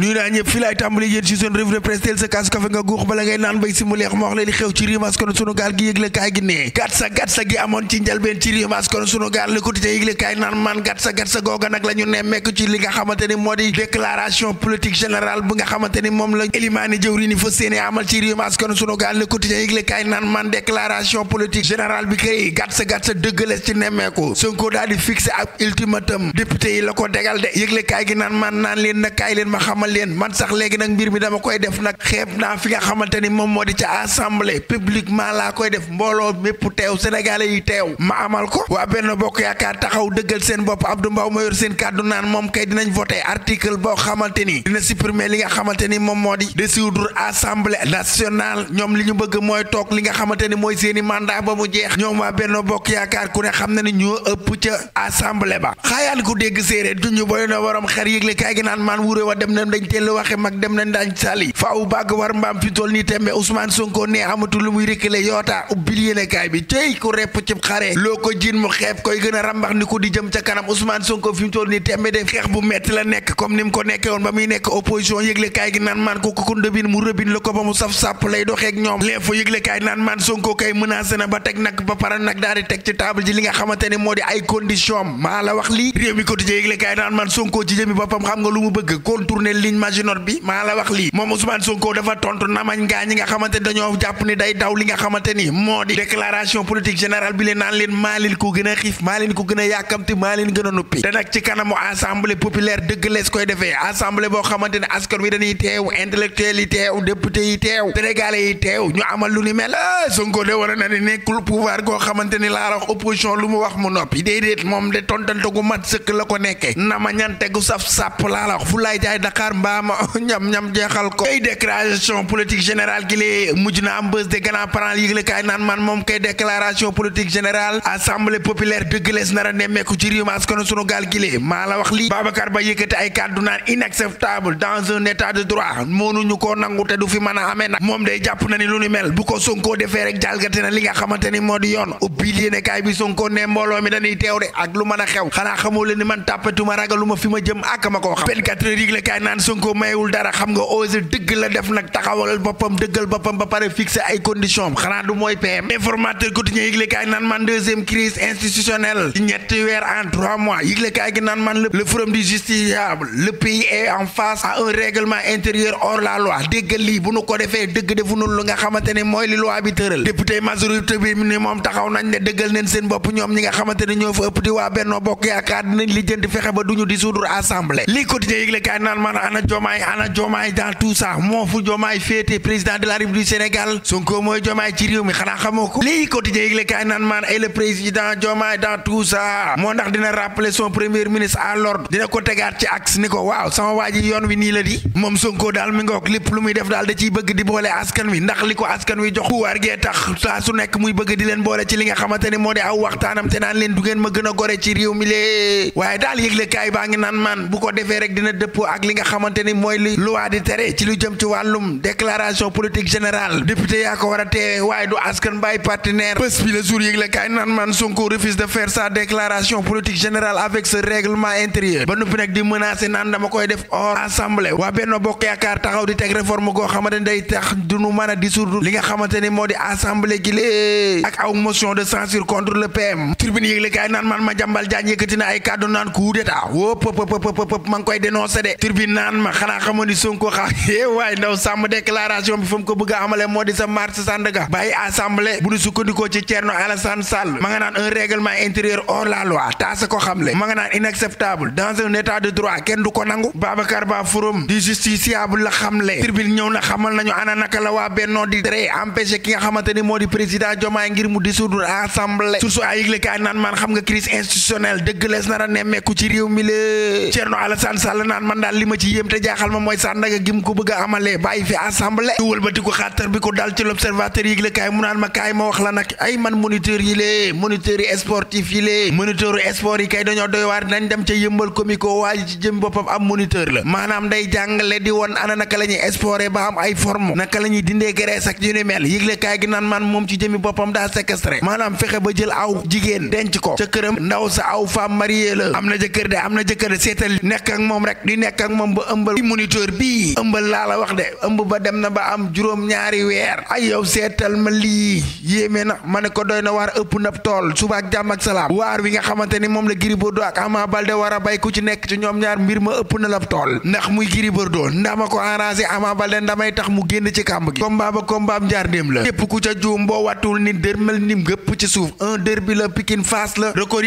nuyu naa ñëpp fii laay tàmbali yéen ci seen revue de presse sa kaasu kafe nga guux bala ngay naan bay si ma wax leen li xew ci Réew mi Askan sunu gaal gi yëgle gi naan man déclaration politique générale bi nga xamante ni sa gàt sa dëggalees ci nemmeeku Sonko daal di fixé ak ultimatum député yi la ko dégal de yëgle gi naan man naan leen na leen ma xamal xamal leen man sax léegi nag mbir mi dama koy def nag xeeb naa fi nga xamante ni moom moo di ca assemblée publiquement laa koy def mbooloo mépp teew sénégalais yi teew ma amal ko waa benn bokk yaakaar taxaw dëggal seen bopp Abdou Mbow ma yor seen kàddu naan moom kay dinañ voté article boo xamante ni dina supprimer li nga xamante ni moom moo di dissoudre assemblée nationale ñoom li ñu bëgg mooy toog li nga xamante ni mooy seeni mandat ba mu jeex ñoom waa benn bokk ku ne xam na ni ñoo ba xaayaan ku dégg lañ teel a waxe mag dem na ndaañ sali faaw bàgg war mbaam fi toll nii tembe Ousmane Sonko nee amatu lu muy rékkale yoota ubbil yéenekaay bi tey ku repp ci xare loo ko jiin mu xeeb koy gën a rambax ni ko di jëm ca kanam Ousmane Sonko fi mu toll nii tembe de xeex bu metti la nekk comme ni mu ko nekkee woon ba muy nekk opposition yëglekaay naan maan ko ba mu kay menacé na ba teg nag ba pare nag daal di teg ci table ji li nga xamante ne moo di ay condition maa la wax lii réew mi quotidien yëglekaay naan maan Sonko lu mu bëgg ligne Maginot bi maa la wax lii moom Ousmane Sonko dafa tontu namañ gaa ñi nga xamante dañoo jàpp ni day daw li nga xamante ni moo di déclaration politique générale bi leen naan leen maa ko gën a xiif maa leen ko gën a yàkkamti maa leen gën a noppi te nag ci kanamu assemblée populaire dëgg lees koy defee assemblée boo xamante ne askan wi dañuy teew intellectuel yi teew député yi teew sénégalais yi teew ñu amal lu ni mel Sonko de war a na ne nekkul pouvoir koo xamante ni laa wax opposition lu mu wax mu noppi déedéet moom de tontante gu mat sëkk la ko nekkee namañante gu saf sàpp laa la Dakar mbaama ñam-ñam jeexal ko kay déclaration politique générale gi mujj na am bés de grand parent yëgle kaay naan man moom kay déclaration politique générale assemblée populaire dëgg lees nar a nemmeeku ci réew mi askanu sunu gaal gi maa la wax lii Babacar Ba yëkkati ay kàddu naan inacceptable dans un état de droit mënuñu koo nangu te fi mën a amee moom day jàpp na ni lu ni mel bu ko Sonko defee rek jalgati na li nga xamante ni moo di yoon a xew Ousmane Sonko mayewul dara xam nga osé e dëgg la def nag taxawalal boppam dëggal boppam ba pare fixé ay conditions am xanaa du mooy PM informateur quotidien yëglekaay naan man deuxième crise institutionnelle ci ñetti weer en trois mois yëglekaay gi naan man bu nu ko defee dëgg defunul lu nga xamante ne mooy li loi bi tëral député majorité bi ni moom taxaw nañ ne dëggal neen seen bopp ñoom ñi nga xamante ne ñoo fa ëpp di waa Benno Bokk Yaakaar dinañ li jënd fexe ba duñu dissoudre assemblée ana jomaay dans tout ça moo fu jomaay féete président de la république Sénégal Sonko mooy jomaay ci réew mi xanaa xamoo ko lii quotidien yëgle kaay naan maan et président jomaay dans tout ça moo ndax dina rappeler son premier ministre à l'ordre dina ko tegaat ci axe ni ko waaw sama waa yoon wi nii la di moom Sonko daal mi ngoog lépp lu muy def daal da ciy bëgg di boole askan wi ndax li ko askan wi jox pouvoir gee tax saa su nekk muy bëgg di ma gën a gore ci réew mi lee waaye daal yëgle kaay baa ngi naan maan bu ko defee rek xamante ni mooy li loi di tere ci lu jëm ci wàllum déclaration politique générale député yaa ko war a teewee waaye du askan mbaay partenaire bés bi le jour yëgle kaay naan man Sonko refuse de faire sa déclaration politique di menacer naan dama koy def hors assemblée waa Benno Bokk Yaakaar taxaw di teg réforme goo xamante ni day tax du nu mën a dissoudre li nga xamante ni moo di assemblée gi lée ak aw motion de censure contre le PM tribune yëgle kaay naan man ma jàmbal jaan yëkkati na ay kàddu naan coup d'état woo pëpp pëpp pëpp koy dénoncer de tribune naan ma xanaa xamoon ni Sonko xaa eh waaye ndaw sàmm déclaration bi fa ko bëgg a amale moo di sa marche Sandaga bàyyi assemblée bu nu sukkandikoo ci Thierno Alassane Sall ma nga naan un règlement intérieur hors la loi taasa ko xamle ma nga naan inacceptable dans un état de droit kenn du ko nangu Babacar Ba Forum du justiciable la la waa bennoo di tere empêché ki nga xamante ni moo di kaay naan maan xam nga crise institutionnelle dëgg lees nar a nemmeeku yéem te jaaxal ma mooy Sandaga gim ko bëgg a amalee bàyyi fi assemblée ñu wëlbati ko xaatar bi ko dal ci l'observateur yi la mu naan ma kaay ma wax la nag ay man moniteur yi lée moniteur yi sportif yi lée moniteur yi kay dañoo doy waar nañ dem ca yëmbal komiko waaye ci jëm boppam am moniteur la maanaam day jàngale di woon ana naka la ñuy sporé ba am ay forme naka la ñuy dindee graisse ak yu ni mel yëgle kaay gi naan man moom ci jëmi boppam daa séquestré maanaam fexe ba jël aw jigéen denc ko ca këram ndaw sa aw femme mariée la am na jëkkër de am na jëkkër de seetal nekk ak moom rek di nekk ëmbal moniteur bii ëmbal laa la wax de ëmb ba dem na ba am juróom ñaari weer ay yow seetal ma lii yéeme na ma ne ko doy na waar ëpp nab tool suba ak jàmm ak salaam waar wi nga xamante ni moom la Gris Bordeaux ak Ama Baldé war a bay ku ci nekk ci ñoom ñaar mbir ma ëpp na lab tool ndax muy Gris Bordeaux ndama ko arrangé Ama Baldé ndamay tax mu génn ci kàmb gi combat a combat am jaar déem la képp ku ca juum boo wattul ni dërmal nim gëpp ci suuf un derby la Pikine Fass la record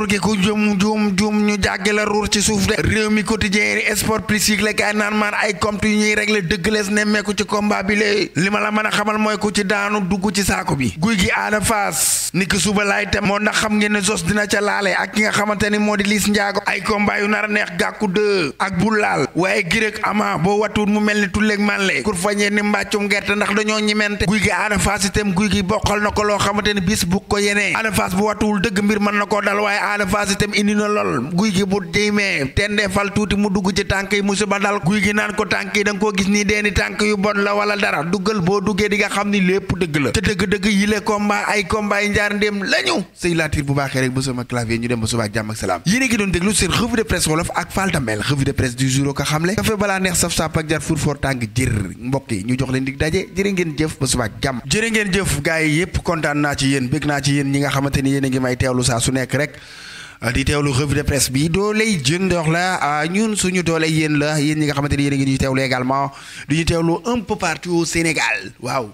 ruur gi ku jum jum jum ñu jàggi la ruur ci suuf de réew mi quotidien yi sport plus yëgle naan maan ay compte yu ñuy régler dëgg lees nemmeeku ci combat bi lée li la mën a xamal mooy ku ci daanu dugg ci saako bi guy gi aada faas niki suba laay tem moo ndax xam ngeen jos dina ca laale ak ki nga xamante ni moo di liis njaago ay combat yu nar a neex gàkku deux ak bu laal waaye girek ama boo wattuut mu mel ni tulleeg manle kur fañee ni mbàccum gerte ndax dañoo ñimente guy gi aada faas itam guy gi bokkal aada faas itam indi na lool guy gi bu diimee tendee fal tuuti mu dugg ci tànk yi musiba dal guy gi naan ko tànk yi da nga koo gis nii deeni tànk yu bon la wala dara duggal boo duggee di nga xam ni lépp dëgg la te dëgg-dëgg yi le combat ay combat yi njaar ndéem lañu sëy laatir bu baaxee rek ba sama clavier ñu dem ba suba jàmm ak salaam a ngi doon déglu seen revue de ak Fall Damel revue de ko xamle kafe balaa neex saf sap ak jar fur for tàng jër yi ñu jox leen dig daje jërë ngeen jëf ba suba ak ngeen jëf gars yi naa ci yéen bég naa ci yéen ñi nga xamante ni yéen a ngi may teewlu rek di teewlu revue de presse bi dooley jëndoor la ah, ñun suñu doole yéen la yéen ñi nga xamante ni yéen a ngi ñuy teewlu également di ñu teewlu un peu partout au Sénégal waaw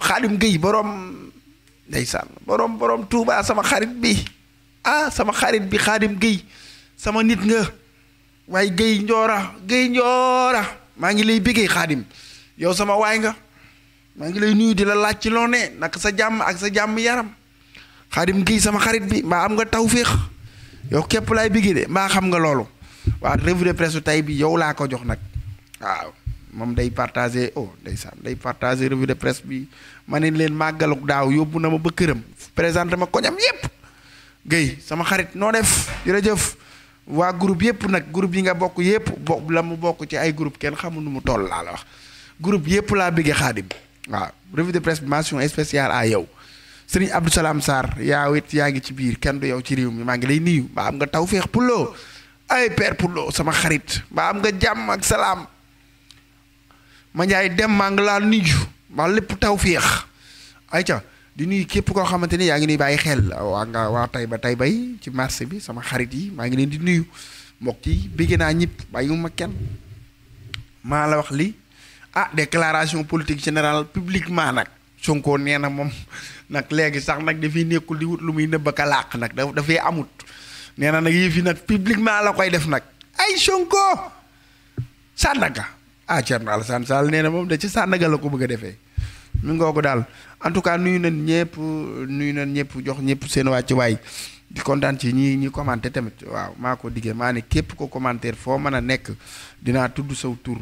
Xaadim ah, Gueye borom ndeysaan borom borom Touba sama xarit bi ah sama xarit bi Xaadim Gueye sama nit nga waaye Gueye Njoora Gueye Njoora maa ngi lay bëggee Xaadim yow sama waay nga maa ngi lay nuyu di la laaj ci loo ne nag sa jàmm ak sa jàmm yaram Xaadim Gueye sama xarit bi maa am nga tawféex yow képp lay biggi de mbaa xam nga loolu waaw revue de presse tey bi yow laa ko jox nag waaw moom day partagé oh ndeysaan day partagé revue de presse bi ma ne leen màggaluk daaw yóbbu na ma ba këram présenté ma koñam yépp Guèye sama xarit noo def jërëjëf waa groupe yépp nag groupe yi nga bokk yépp bo la mu bokk ci ay groupe kenn xamul nu mu toll laa la wax groupe yépp laa xaadi xaadim waaw revue de presse mention spéciale à yow sëriñ Abdou Salam Sarr yaa it yaa ngi ci biir kenn du yow ci réew mi maa ngi lay nuyu ba am nga tawféex pulloo ay pour pulloo sama xarit ba am nga jàmm ak salaam ma njaay dem maa ngi laa nuyu ma lépp tawféex ayca di nuyu képp koo xamante ni yaa ngi nuy bàyyi xel waa nga waa ba tay bay ci marché bi sama xarit yi maa ngi leen di nuyu mbokk yi bégg naa ñëpp bàyyiwuma kenn maa la wax li ah déclaration politique général publiquement nag Sonko nee na moom nag léegi sax nag dafay nekkul di wut lu muy nëbb ka làq nag da dafay amut nee na nag yëf yi nag publiquement la koy def nag ay Sonko Sandaga ah Thierno Alassane Sall nee na moom da ci Sandaga la ko bëgg a defee mi ngoogu daal en tout cas nuyu nañ ñëpp nuyu nañ ñëpp jox ñëpp seen wàcc waay di kontaan ci ñi ñi commenté tamit waaw maa ko diggee maa ne képp ko commentaire foo mën a nekk dinaa tudd saw tur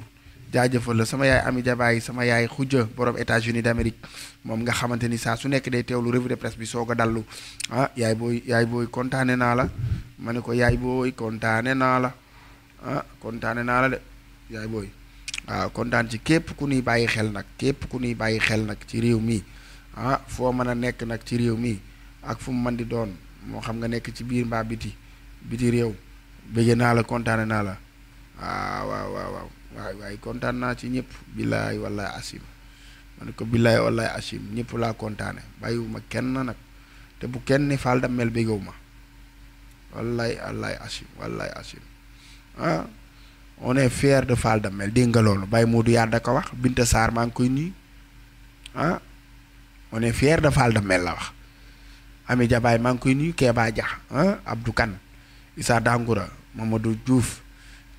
jaajëfal la sama yaay Ami Jabaay sama yaay xujja borom États-Unis d'Amérique moom nga xamante ni saa su nekk day teewlu revue de presse bi soog a dallu ah yaay booy yaay booy kontaane naa la ma ne ko yaay booy kontaane naa la ah, kontaane naa de yaay booy waaw ah, kontaan ci képp ku nuy bàyyi xel nag képp ku nuy bàyyi xel nag ci réew mi ah foo mën a nekk nag ci réew mi ak fu mu mën di doon moo xam nga nekk ci biir mbaa biti biti réew bëgg naa la kontaane naa la ah, waaw waaw waaw waaye kontaan naa ci ñëpp billaay wallaay asim ma ko billaay wallaay asim ñëpp laa kontaane bàyyiwuma kenn nag te bu kenn ni faal dammel béggaw ma wallaay wallaay asim wallaay asim ah on est fier koy nuyu ah de faal dammel la wax Ami Jabaay maa ngi koy nuyu Kéba Dia ah Abdou Kane Issa Dangoura Mamadou Diouf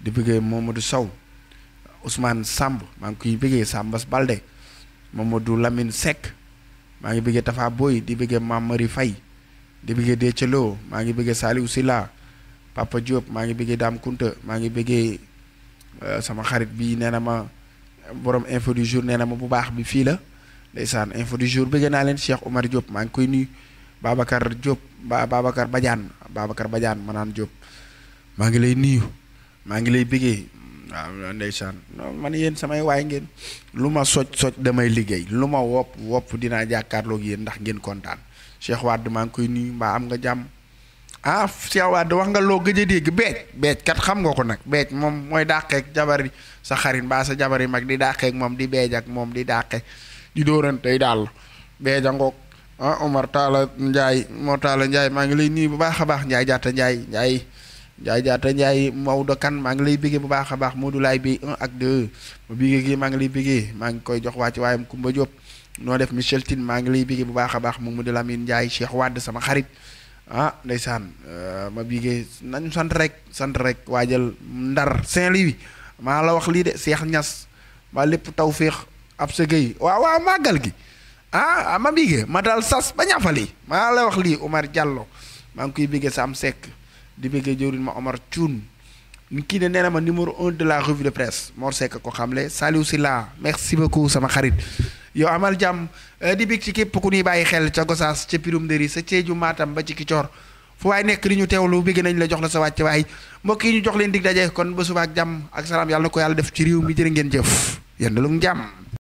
di bëggee Mamadou Sow Ousmane sàmb maa ngi koy bëggee Sambas Balde Mamadou Lamine Seck maa ngi bëggee Tafa Boy di bëggee Mame Marie Faye di bëggee Déthié Lo maa ngi bëggee Saliou Sylla Papa Diop maa ngi bëggee Dame Kunta maa ngi bëggee euh, sama xarit bii nee na ma borom info du jour nee na ma bu baax bi fii la ndeysaan info du jour bëggee naa leen Cheikh Omar Diop maa ngi koy nuyu Babacar Diop ba Babacar Badiane Babacar ma naan Diop maa ngi lay nuyu maa ngi lay bëggee. waaw ndeysaan non man yéen samay waay ngeen lu ma soj soj damay liggéey lu ma wopp wopp dinaa jàkkaarloog yéen ndax ngeen kontaan Cheikh Wade maa ngi koy nuyu mbaa am nga jàmm ah Cheikh Wade wax nga loo gëj a dégg beej beej kat xam nga ko nag beej moom mooy jabar jabari sa xarit mbaa sa jabar jabari mag di dàqeek moom di beej ak moom di dàqe di tey daal beej a ngoog ah Omar Talla Ndiaye moo Talla Ndiaye maa ngi lay nuyu bu baax a baax Ndiaye jaata Ndiaye Ndiaye Njaay Jaata Njaay Maodo Kan maa ngi lay bëggee bu baax a baax Modou Laay bi 1 ak 2 bu bëggee gi maa ngi lay bëggee maa ngi koy jox wàcc waayam Kumba Diop noo def Michel Tine maa ngi lay bëggee bu baax a baax Mamadou Lamine Njaay Cheikh Wade sama xarit ah ndeysaan euh, ma bëggee nañu sant rek sant rek waajal Ndar Saint-Louis maa la wax lii de Cheikh ñas maa lépp taw féex ab sa géy waaw waaw màggal gi ah, ah ma bëggee ma daal sas ba ñafali maa la wax lii Omar Diallo maa ngi koy bëggee Sam Seck di bëggee jëwrin ma Omar Thioune kii ne nee na ma numéro un de la revue de presse Mor Seck ko xamle Saliou Sylla merci beaucoup sama xarit yow amal jàmm eh, di bég ci képp ku ñuy bàyyi xel ca Gosaas ca Pirum yi sa Ceeju maatam ba ci Kicoor fu waaye nekk ni ñu teewlu bëgg nañ la jox la sa wàcc waay mbokk yi ñu jox leen dig daje kon ba suba ak jàmm ak salaam yàlla na ko yàlla def ci réew mi jërë ngeen jëf yendalug jàmm